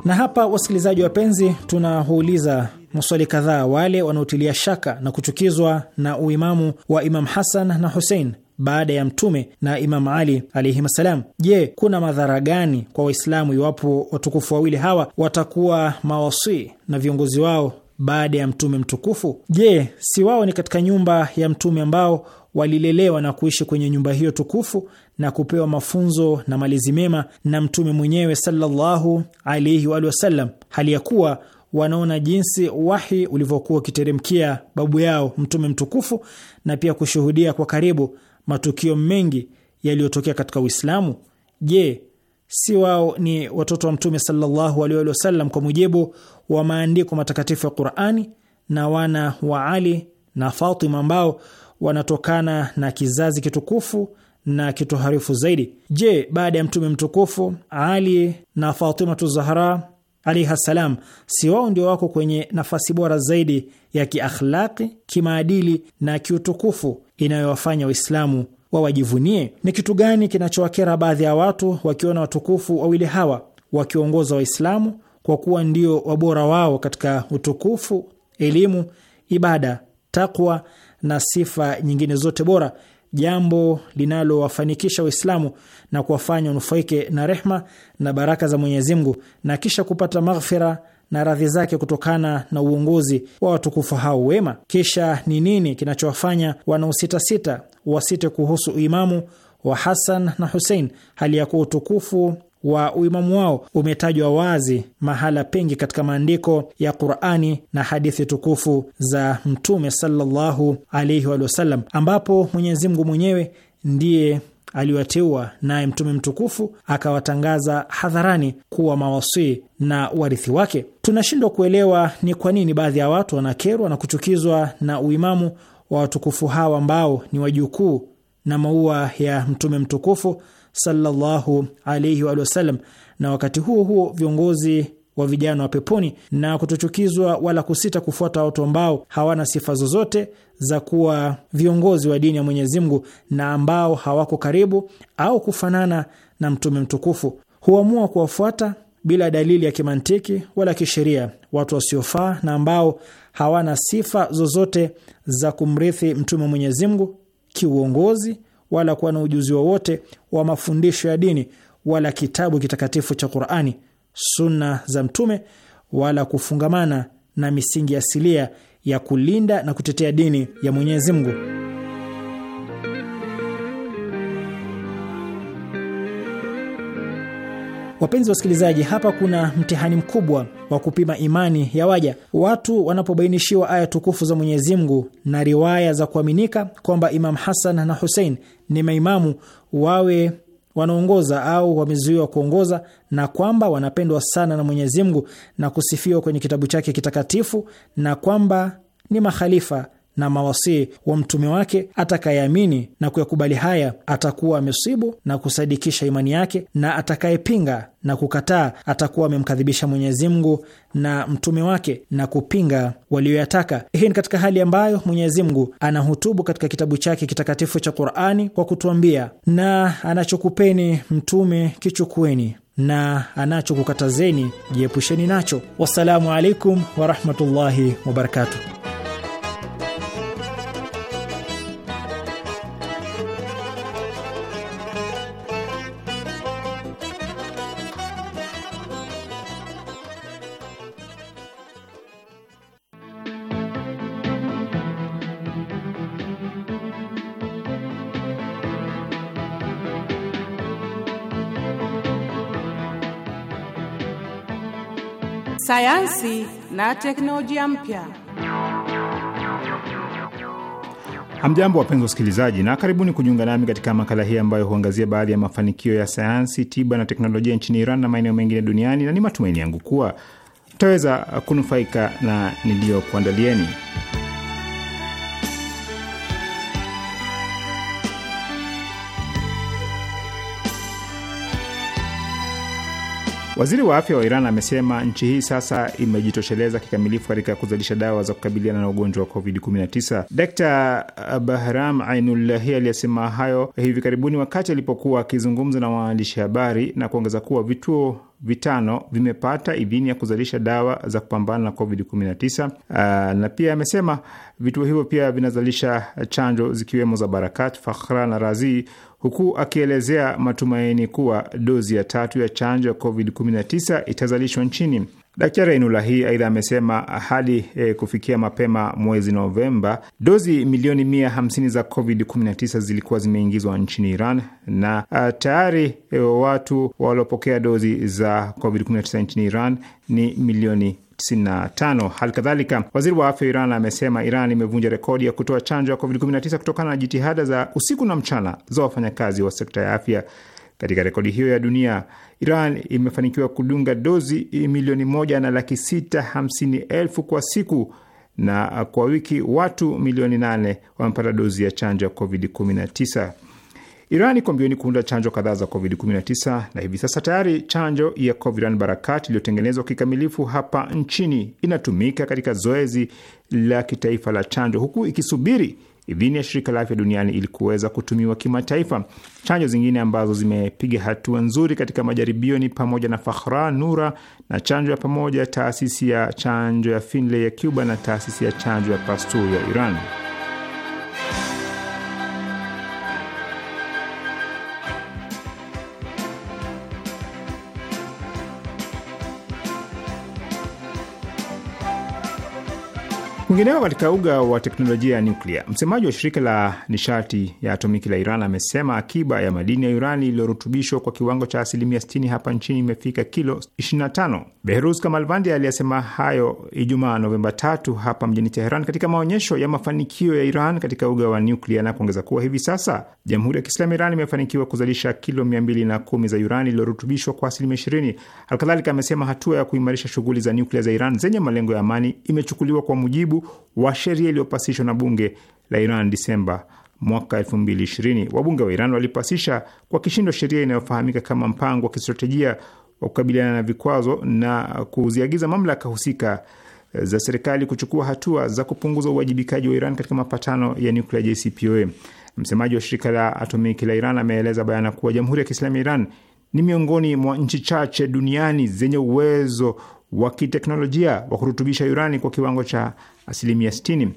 Na hapa, wasikilizaji wapenzi, tunahuuliza maswali kadhaa wale wanaotilia shaka na kuchukizwa na uimamu wa Imam Hasan na Husein baada ya Mtume na Imam Ali alaihim assalam. Je, kuna madhara gani kwa Waislamu iwapo watukufu wawili hawa watakuwa mawasii na viongozi wao baada ya mtume mtukufu? Je, si wao ni katika nyumba ya mtume ambao walilelewa na kuishi kwenye nyumba hiyo tukufu na kupewa mafunzo na malezi mema na mtume mwenyewe sallallahu alaihi wa sallam, hali ya kuwa wanaona jinsi wahi ulivyokuwa ukiteremkia babu yao mtume mtukufu na pia kushuhudia kwa karibu matukio mengi yaliyotokea katika Uislamu. Je, si wao ni watoto wa Mtume sallallahu alaihi sallam kwa mujibu wa maandiko matakatifu ya Qurani, na wana wa Ali na Fatima ambao wanatokana na kizazi kitukufu na kitoharifu zaidi. Je, baada ya mtume mtukufu Ali na Fatimatu Zahra alaihi salam, si wao ndio wako kwenye nafasi bora zaidi ya kiakhlaqi, kimaadili na kiutukufu inayowafanya Waislamu wawajivunie? Ni kitu gani kinachowakera baadhi ya watu wakiona watukufu wawili hawa wakiongoza Waislamu kwa kuwa ndio wabora wao katika utukufu, elimu, ibada, takwa na sifa nyingine zote bora, jambo linalowafanikisha Waislamu na kuwafanya wanufaike na rehma na baraka za Mwenyezi Mungu na kisha kupata maghfira na radhi zake kutokana na uongozi wa watukufu hao wema. Kisha ni nini kinachowafanya wanaositasita wasite kuhusu uimamu wa Hasan na Husein, hali ya kuwa utukufu wa uimamu wao umetajwa wazi mahala pengi katika maandiko ya Qurani na hadithi tukufu za Mtume sallallahu alaihi wasallam, ambapo Mwenyezi Mungu mwenyewe ndiye aliyoateua naye Mtume mtukufu akawatangaza hadharani kuwa mawasii na warithi wake. Tunashindwa kuelewa ni kwa nini baadhi ya watu wanakerwa na kuchukizwa na uimamu wa watukufu hawa ambao ni wajukuu na maua ya Mtume mtukufu sallallahu alaihi wa sallam, na wakati huo huo viongozi wa vijana wa peponi na kutochukizwa wala kusita kufuata watu ambao hawana sifa zozote za kuwa viongozi wa dini ya Mwenyezi Mungu na ambao hawako karibu au kufanana na mtume mtukufu. Huamua kuwafuata bila dalili ya kimantiki wala kisheria watu wasiofaa na ambao hawana sifa zozote za kumrithi mtume wa Mwenyezi Mungu kiuongozi wala kuwa na ujuzi wowote wa, wa mafundisho ya dini wala kitabu kitakatifu cha Qur'ani sunna za Mtume wala kufungamana na misingi asilia ya kulinda na kutetea dini ya Mwenyezi Mungu. Wapenzi wasikilizaji, hapa kuna mtihani mkubwa wa kupima imani ya waja. Watu wanapobainishiwa aya tukufu za Mwenyezi Mungu na riwaya za kuaminika kwamba Imam Hasan na Husein ni maimamu, wawe wanaongoza au wamezuiwa kuongoza na kwamba wanapendwa sana na Mwenyezi Mungu na kusifiwa kwenye kitabu chake kitakatifu na kwamba ni mahalifa na mawasii wa mtume wake. Atakayeamini na kuyakubali haya atakuwa amesibu na kusadikisha imani yake, na atakayepinga na kukataa atakuwa amemkadhibisha Mwenyezi Mungu na mtume wake na kupinga walioyataka. Hii ni katika hali ambayo Mwenyezi Mungu anahutubu katika kitabu chake kitakatifu cha Qur'ani kwa kutuambia, na anachokupeni mtume kichukueni na anachokukatazeni jiepusheni nacho. Wassalamu alaikum warahmatullahi wabarakatuh.
sayansi na teknolojia mpya.
Hamjambo, wapenzi wasikilizaji, na karibuni kujiunga nami katika makala hii ambayo huangazia baadhi ya mafanikio ya sayansi, tiba na teknolojia nchini Iran na maeneo mengine duniani, na ni matumaini yangu kuwa mtaweza kunufaika na niliyokuandalieni. Waziri wa afya wa Iran amesema nchi hii sasa imejitosheleza kikamilifu katika kuzalisha dawa za kukabiliana na ugonjwa wa COVID-19. Dkt Bahram Ainullahi aliyesema hayo hivi karibuni wakati alipokuwa akizungumza na waandishi habari na kuongeza kuwa vituo vitano vimepata idhini ya kuzalisha dawa za kupambana na COVID-19. Uh, na pia amesema vituo hivyo pia vinazalisha chanjo zikiwemo za Barakat, Fakhra na Razi huku akielezea matumaini kuwa dozi ya tatu ya chanjo ya COVID-19 itazalishwa nchini. Daktari hii aidha amesema hadi e, kufikia mapema mwezi Novemba, dozi milioni mia hamsini za COVID-19 zilikuwa zimeingizwa nchini Iran na a, eh, tayari e, watu waliopokea dozi za COVID-19 nchini Iran ni milioni 95. Halikadhalika, waziri wa afya Iran amesema Iran imevunja rekodi ya kutoa chanjo ya COVID-19 kutokana na jitihada za usiku na mchana za wafanyakazi wa sekta ya afya. Katika rekodi hiyo ya dunia, Iran imefanikiwa kudunga dozi milioni moja na laki sita hamsini elfu kwa siku na kwa wiki watu milioni nane wamepata dozi ya chanjo ya COVID-19. Iran iko mbioni kuunda chanjo kadhaa za COVID-19 na hivi sasa tayari chanjo ya Coviran Barakat iliyotengenezwa kikamilifu hapa nchini inatumika katika zoezi la kitaifa la chanjo huku ikisubiri idhini ya shirika la afya duniani ili kuweza kutumiwa kimataifa. Chanjo zingine ambazo zimepiga hatua nzuri katika majaribio ni pamoja na Fakhra Nura na chanjo ya pamoja taasisi ya chanjo ya Finlay ya Cuba na taasisi ya chanjo ya Pasteur ya Iran. Kwingineko, katika uga wa teknolojia ya nyuklia, msemaji wa shirika la nishati ya atomiki la Iran amesema akiba ya madini ya urani iliyorutubishwa kwa kiwango cha asilimia 60 hapa nchini imefika kilo 25. behrus Kamalvandi aliyesema hayo Ijumaa Novemba 3 hapa mjini Teheran katika maonyesho ya mafanikio ya Iran katika uga wa nyuklia na kuongeza kuwa hivi sasa Jamhuri ya Kiislamu Iran imefanikiwa kuzalisha kilo 210 za urani iliyorutubishwa kwa asilimia 20. Halikadhalika amesema hatua ya kuimarisha shughuli za nyuklia za Iran zenye malengo ya amani imechukuliwa kwa mujibu wa sheria iliyopasishwa na bunge la Iran Disemba mwaka 2020. Wabunge wa Iran walipasisha kwa kishindo sheria inayofahamika kama mpango wa kistratejia wa kukabiliana na vikwazo na kuziagiza mamlaka husika za serikali kuchukua hatua za kupunguza uwajibikaji wa Iran katika mapatano ya nuklia JCPOA. Msemaji wa shirika la atomiki la Iran ameeleza bayana kuwa Jamhuri ya Kiislamu ya Iran ni miongoni mwa nchi chache duniani zenye uwezo wa kiteknolojia wa kurutubisha urani kwa kiwango cha asilimia 60.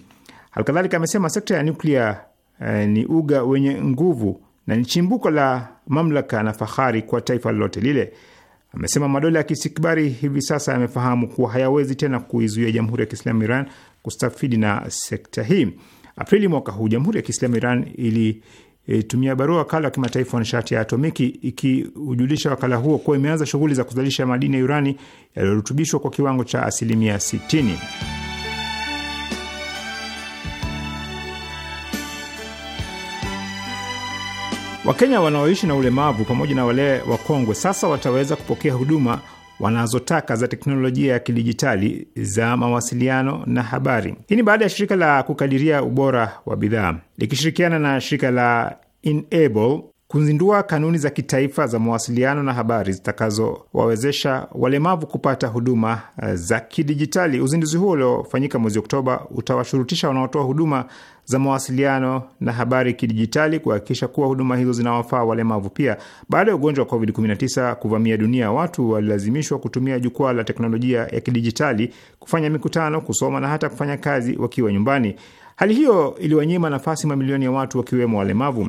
Halikadhalika amesema sekta ya nuklia eh, ni uga wenye nguvu na ni chimbuko la mamlaka na fahari kwa taifa lolote lile. Amesema madola ya kisikbari hivi sasa yamefahamu kuwa hayawezi tena kuizuia Jamhuri ya Kiislamu Iran kustafidi na sekta hii. Aprili mwaka huu Jamhuri ya Kiislamu Iran ili e, tumia barua wakala wa kimataifa wa nishati ya atomiki ikiujulisha wakala huo kuwa imeanza shughuli za kuzalisha madini ya urani yaliyorutubishwa kwa kiwango cha asilimia 60. Wakenya wanaoishi na ulemavu pamoja na wale wakongwe sasa wataweza kupokea huduma wanazotaka za teknolojia ya kidijitali za mawasiliano na habari. Hii ni baada ya shirika la kukadiria ubora wa bidhaa likishirikiana na shirika la Enable kuzindua kanuni za kitaifa za mawasiliano na habari zitakazowawezesha walemavu kupata huduma eh, za kidijitali. Uzinduzi huo uliofanyika mwezi Oktoba utawashurutisha wanaotoa huduma za mawasiliano na habari kidijitali kuhakikisha kuwa huduma hizo zinawafaa walemavu pia. Baada ya ugonjwa wa COVID-19 kuvamia dunia, watu walilazimishwa kutumia jukwaa la teknolojia ya kidijitali kufanya mikutano, kusoma na hata kufanya kazi wakiwa nyumbani. Hali hiyo iliwanyima nafasi mamilioni ya watu wakiwemo walemavu.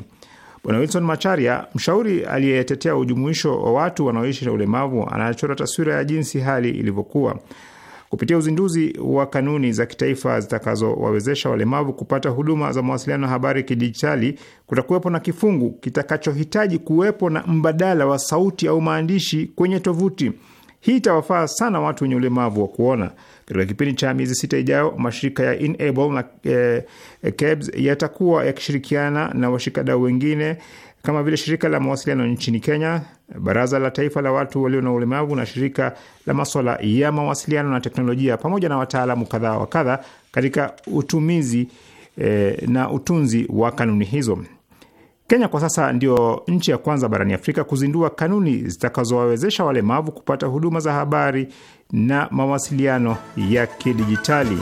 Bwana Wilson Macharia, mshauri aliyetetea ujumuisho wa watu wanaoishi na ulemavu, anachora taswira ya jinsi hali ilivyokuwa kupitia uzinduzi wa kanuni za kitaifa zitakazowawezesha walemavu kupata huduma za mawasiliano na habari kidijitali. Kutakuwepo na kifungu kitakachohitaji kuwepo na mbadala wa sauti au maandishi kwenye tovuti. Hii itawafaa sana watu wenye ulemavu wa kuona. Katika kipindi cha miezi sita ijayo, mashirika ya Inable na eh, KEBS yatakuwa yakishirikiana na washikadau wengine kama vile shirika la mawasiliano nchini Kenya, baraza la taifa la watu walio na ulemavu na shirika la maswala ya mawasiliano na teknolojia, pamoja na wataalamu kadhaa wa kadha katika utumizi eh, na utunzi wa kanuni hizo. Kenya kwa sasa ndio nchi ya kwanza barani Afrika kuzindua kanuni zitakazowawezesha walemavu kupata huduma za habari na mawasiliano ya kidijitali.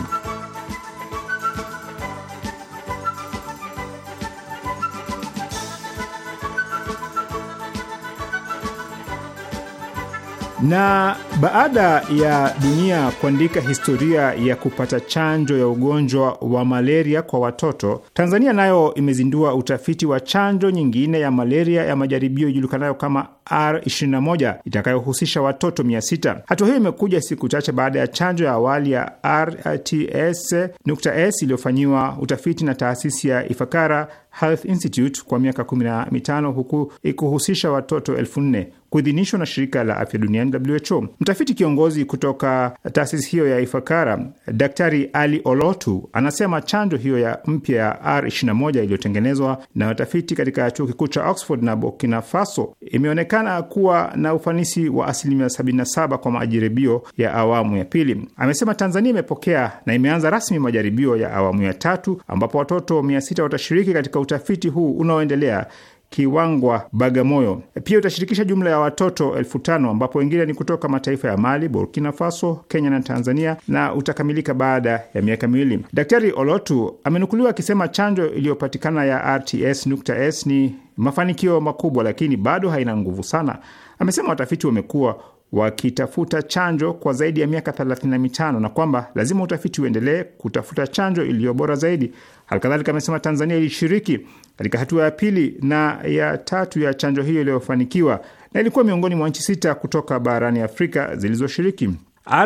Na baada ya dunia kuandika historia ya kupata chanjo ya ugonjwa wa malaria kwa watoto, Tanzania nayo imezindua utafiti wa chanjo nyingine ya malaria ya majaribio ijulikanayo kama R21 itakayohusisha watoto 600. Hatua hiyo imekuja siku chache baada ya chanjo ya awali ya RTS.S iliyofanyiwa utafiti na taasisi ya Ifakara Health Institute kwa miaka 15 huku ikuhusisha watoto elfu nne kuidhinishwa na shirika la afya duniani WHO. Mtafiti kiongozi kutoka taasisi hiyo ya Ifakara, Daktari Ali Olotu, anasema chanjo hiyo ya mpya ya R21 iliyotengenezwa na watafiti katika chuo kikuu cha Oxford na Burkina Faso imeonekana kuwa na ufanisi wa asilimia 77 kwa majaribio ya awamu ya pili. Amesema Tanzania imepokea na imeanza rasmi majaribio ya awamu ya tatu ambapo watoto 600 watashiriki katika utafiti huu unaoendelea Kiwangwa, Bagamoyo. Pia utashirikisha jumla ya watoto elfu tano ambapo wengine ni kutoka mataifa ya Mali, Burkina Faso, Kenya na Tanzania, na utakamilika baada ya miaka miwili. Daktari Olotu amenukuliwa akisema chanjo iliyopatikana ya RTS.S ni mafanikio makubwa, lakini bado haina nguvu sana. Amesema watafiti wamekuwa wakitafuta chanjo kwa zaidi ya miaka 35 na kwamba lazima utafiti uendelee kutafuta chanjo iliyo bora zaidi. Halikadhalika amesema Tanzania ilishiriki katika hatua ya pili na ya tatu ya chanjo hiyo iliyofanikiwa na ilikuwa miongoni mwa nchi sita kutoka barani Afrika zilizoshiriki.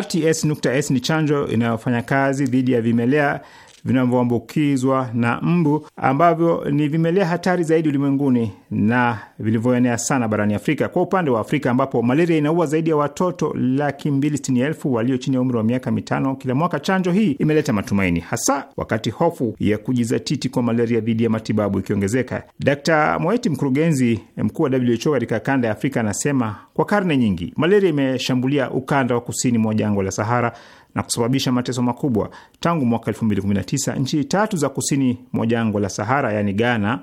RTS.S ni chanjo inayofanya kazi dhidi ya vimelea vinavyoambukizwa na mbu ambavyo ni vimelea hatari zaidi ulimwenguni na vilivyoenea sana barani Afrika. Kwa upande wa Afrika ambapo malaria inaua zaidi ya watoto laki mbili sitini elfu walio chini ya umri wa miaka mitano kila mwaka, chanjo hii imeleta matumaini, hasa wakati hofu ya kujizatiti kwa malaria dhidi ya matibabu ikiongezeka. d Moeti, mkurugenzi mkuu wa WHO katika kanda ya Afrika, anasema kwa karne nyingi malaria imeshambulia ukanda wa kusini mwa jangwa la Sahara na kusababisha mateso makubwa. Tangu mwaka 2019 nchi tatu za kusini mwa jangwa la Sahara, yaani Ghana,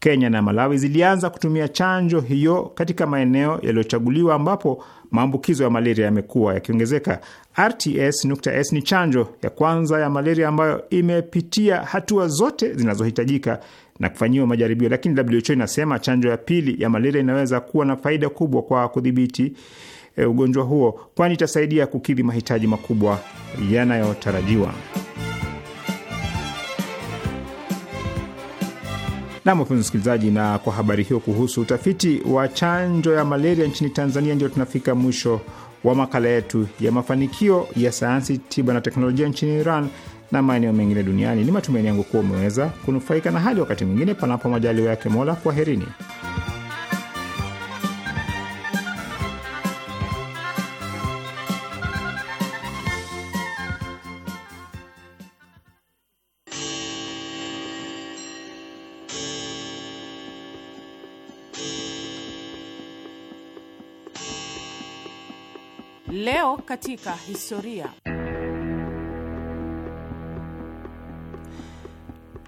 Kenya na Malawi zilianza kutumia chanjo hiyo katika maeneo yaliyochaguliwa ambapo maambukizo ya malaria yamekuwa yakiongezeka. RTS.S ni chanjo ya kwanza ya malaria ambayo imepitia hatua zote zinazohitajika na kufanyiwa majaribio, lakini WHO inasema chanjo ya pili ya malaria inaweza kuwa na faida kubwa kwa kudhibiti e, ugonjwa huo, kwani itasaidia kukidhi mahitaji makubwa yanayotarajiwa. Nam, wapenzi msikilizaji, na kwa habari hiyo kuhusu utafiti wa chanjo ya malaria nchini Tanzania, ndio tunafika mwisho wa makala yetu ya mafanikio ya sayansi tiba na teknolojia nchini Iran na maeneo mengine duniani. Ni matumaini yangu kuwa umeweza kunufaika, na hali wakati mwingine, panapo majaliwa yake Mola, kwaherini.
Leo katika historia.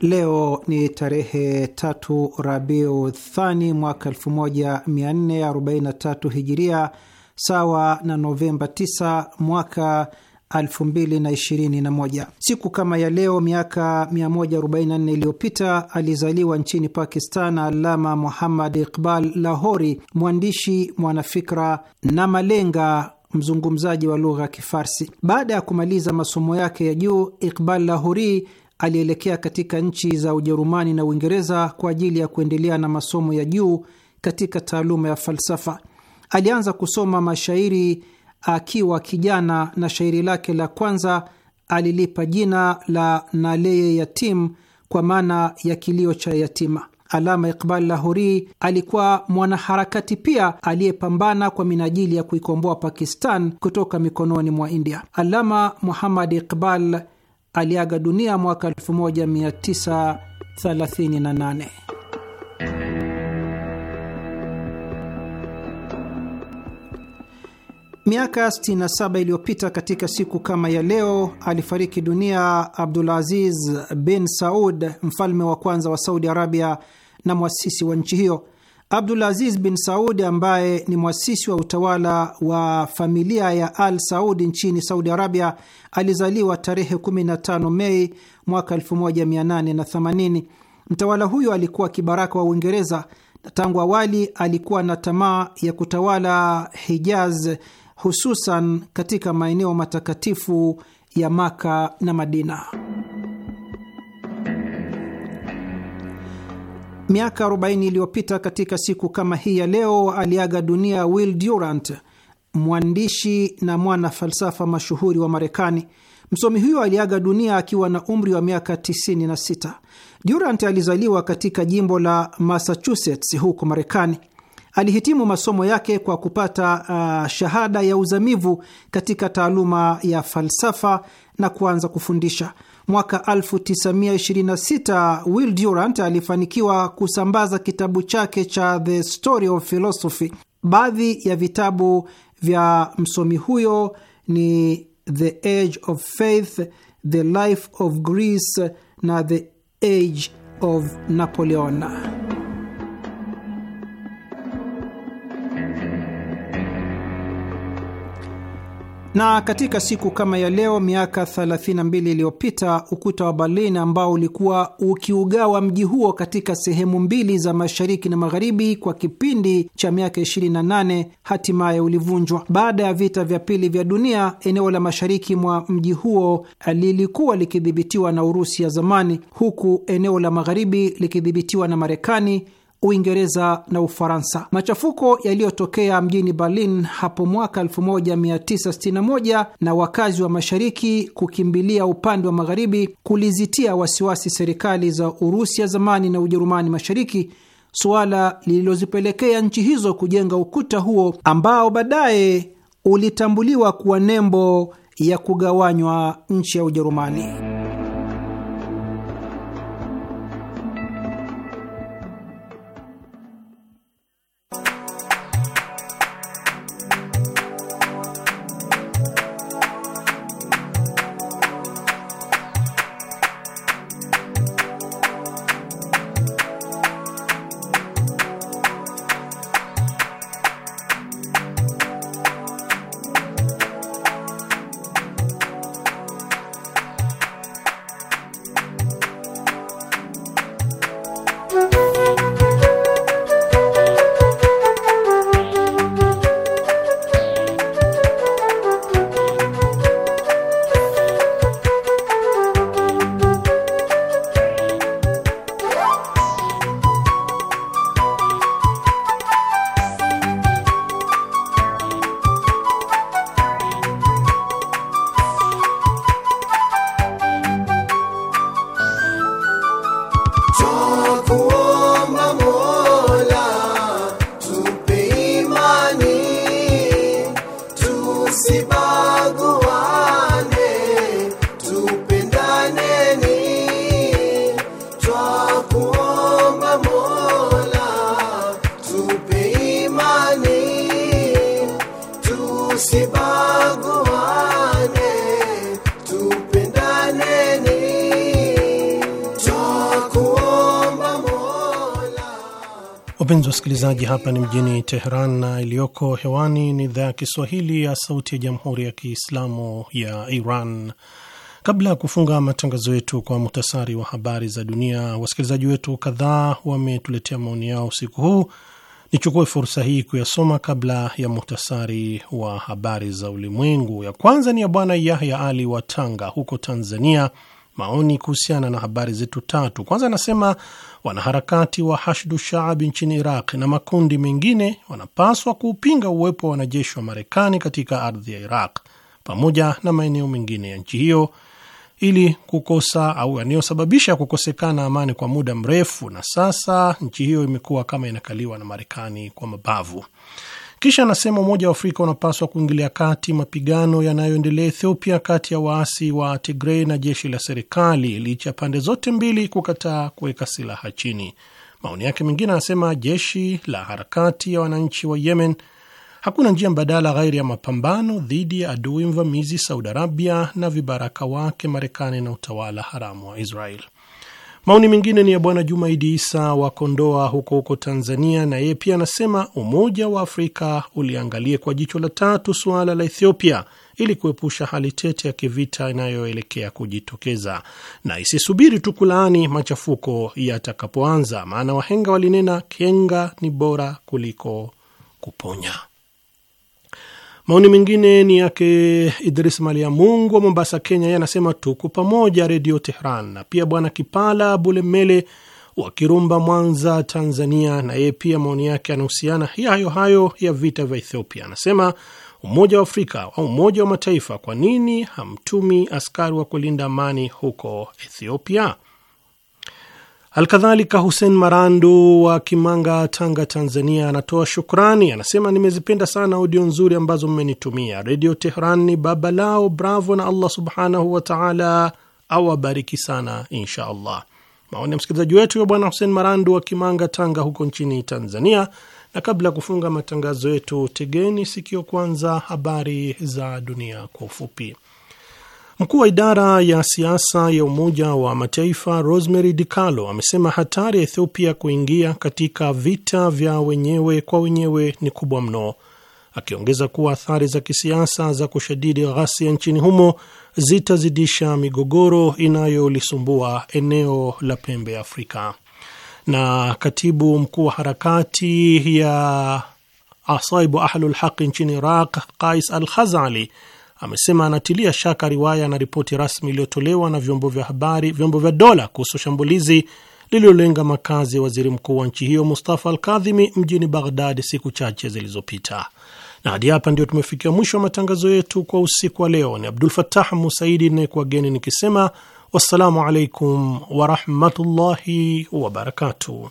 Leo ni tarehe tatu Rabiu Thani mwaka 1443 Hijiria, sawa na Novemba 9 mwaka 2021. Siku kama ya leo miaka 144 iliyopita alizaliwa nchini Pakistan Alama Muhammad Iqbal Lahori, mwandishi, mwanafikra na malenga mzungumzaji wa lugha ya Kifarsi. Baada ya kumaliza masomo yake ya juu, Iqbal Lahori alielekea katika nchi za Ujerumani na Uingereza kwa ajili ya kuendelea na masomo ya juu katika taaluma ya falsafa. Alianza kusoma mashairi akiwa kijana, na shairi lake la kwanza alilipa jina la Naleye Yatim, kwa maana ya kilio cha yatima. Alama Iqbal Lahori alikuwa mwanaharakati pia aliyepambana kwa minajili ya kuikomboa Pakistan kutoka mikononi mwa India. Alama Muhammad Iqbal aliaga dunia mwaka 1938. Miaka 67 iliyopita katika siku kama ya leo alifariki dunia Abdulaziz bin Saud, mfalme wa kwanza wa Saudi Arabia na mwasisi wa nchi hiyo Abdul Aziz bin Saudi, ambaye ni mwasisi wa utawala wa familia ya Al Saudi nchini Saudi Arabia, alizaliwa tarehe 15 Mei mwaka 1880. Mtawala huyo alikuwa kibaraka wa Uingereza na tangu awali alikuwa na tamaa ya kutawala Hijaz, hususan katika maeneo matakatifu ya Maka na Madina. Miaka 40 iliyopita katika siku kama hii ya leo aliaga dunia Will Durant, mwandishi na mwana falsafa mashuhuri wa Marekani. Msomi huyo aliaga dunia akiwa na umri wa miaka 96. Durant alizaliwa katika jimbo la Massachusetts huko Marekani. Alihitimu masomo yake kwa kupata uh, shahada ya uzamivu katika taaluma ya falsafa na kuanza kufundisha. Mwaka 1926 Will Durant alifanikiwa kusambaza kitabu chake cha The Story of Philosophy. Baadhi ya vitabu vya msomi huyo ni The Age of Faith, The Life of Greece na The Age of Napoleon. Na katika siku kama ya leo miaka 32 iliyopita ukuta wa Berlin ambao ulikuwa ukiugawa mji huo katika sehemu mbili za mashariki na magharibi kwa kipindi cha miaka 28 hatimaye ulivunjwa. Baada ya vita vya pili vya dunia, eneo la mashariki mwa mji huo lilikuwa likidhibitiwa na Urusi ya zamani, huku eneo la magharibi likidhibitiwa na Marekani Uingereza na Ufaransa. Machafuko yaliyotokea mjini Berlin hapo mwaka 1961 na wakazi wa mashariki kukimbilia upande wa magharibi kulizitia wasiwasi serikali za Urusi ya zamani na Ujerumani Mashariki, suala lililozipelekea nchi hizo kujenga ukuta huo ambao baadaye ulitambuliwa kuwa nembo ya kugawanywa nchi ya Ujerumani.
msikilizaji, hapa ni mjini Teheran na iliyoko hewani ni idhaa ya Kiswahili ya Sauti ya Jamhuri ya Kiislamu ya Iran. Kabla ya kufunga matangazo yetu kwa muhtasari wa habari za dunia, wasikilizaji wetu kadhaa wametuletea maoni yao usiku huu. Nichukue fursa hii kuyasoma kabla ya muhtasari wa habari za ulimwengu. Ya kwanza ni ya Bwana Yahya Ali wa Tanga huko Tanzania maoni kuhusiana na habari zetu tatu. Kwanza anasema wanaharakati wa Hashdu Shaabi nchini Iraq na makundi mengine wanapaswa kuupinga uwepo wa wanajeshi wa Marekani katika ardhi ya Iraq pamoja na maeneo mengine ya nchi hiyo ili kukosa au yanayosababisha kukosekana amani kwa muda mrefu, na sasa nchi hiyo imekuwa kama inakaliwa na Marekani kwa mabavu. Kisha anasema Umoja wa Afrika unapaswa kuingilia kati mapigano yanayoendelea Ethiopia kati ya waasi wa Tigrei na jeshi la serikali licha ya pande zote mbili kukataa kuweka silaha chini. Maoni yake mengine anasema jeshi la harakati ya wananchi wa Yemen hakuna njia mbadala ghairi ya mapambano dhidi ya adui mvamizi Saudi Arabia na vibaraka wake Marekani na utawala haramu wa Israel. Maoni mengine ni ya bwana Jumaidi Isa wa Kondoa huko huko Tanzania, na yeye pia anasema Umoja wa Afrika uliangalie kwa jicho la tatu suala la Ethiopia ili kuepusha hali tete ya kivita inayoelekea kujitokeza na isisubiri tu kulaani machafuko yatakapoanza, maana wahenga walinena, kenga ni bora kuliko kuponya. Maoni mengine ni yake Idris Malia Mungu wa Mombasa, Kenya. Yeye anasema tuko pamoja Redio Tehran, na pia Bwana Kipala Bulemele wa Kirumba, Mwanza, Tanzania, na yeye pia maoni yake yanahusiana hayo hayo ya vita vya Ethiopia. Anasema Umoja wa Afrika au Umoja wa Mataifa, kwa nini hamtumi askari wa kulinda amani huko Ethiopia? Alkadhalika, Hussein Marandu wa Kimanga, Tanga, Tanzania, anatoa shukrani, anasema nimezipenda sana audio nzuri ambazo mmenitumia. Redio Tehran ni baba lao, bravo, na Allah subhanahu wataala awabariki sana, insha allah. Maoni ya msikilizaji wetu ya Bwana Hussein Marandu wa Kimanga, Tanga, huko nchini Tanzania. Na kabla ya kufunga matangazo yetu, tegeni sikio kwanza habari za dunia kwa ufupi. Mkuu wa idara ya siasa ya Umoja wa Mataifa Rosemary DiCarlo amesema hatari ya Ethiopia kuingia katika vita vya wenyewe kwa wenyewe ni kubwa mno, akiongeza kuwa athari za kisiasa za kushadidi ghasia nchini humo zitazidisha migogoro inayolisumbua eneo la pembe ya Afrika. Na katibu mkuu wa harakati ya Asaibu Ahlul Haqi nchini Iraq Qais Al Khazali amesema anatilia shaka riwaya na ripoti rasmi iliyotolewa na vyombo vya habari, vyombo vya dola kuhusu shambulizi lililolenga makazi ya waziri mkuu wa nchi hiyo Mustafa Alkadhimi mjini Baghdad siku chache zilizopita. Na hadi hapa ndio tumefikia mwisho wa matangazo yetu kwa usiku wa leo. Ni Abdul fatah Musaidi inayekuwageni nikisema wassalamu alaikum warahmatullahi wabarakatuh.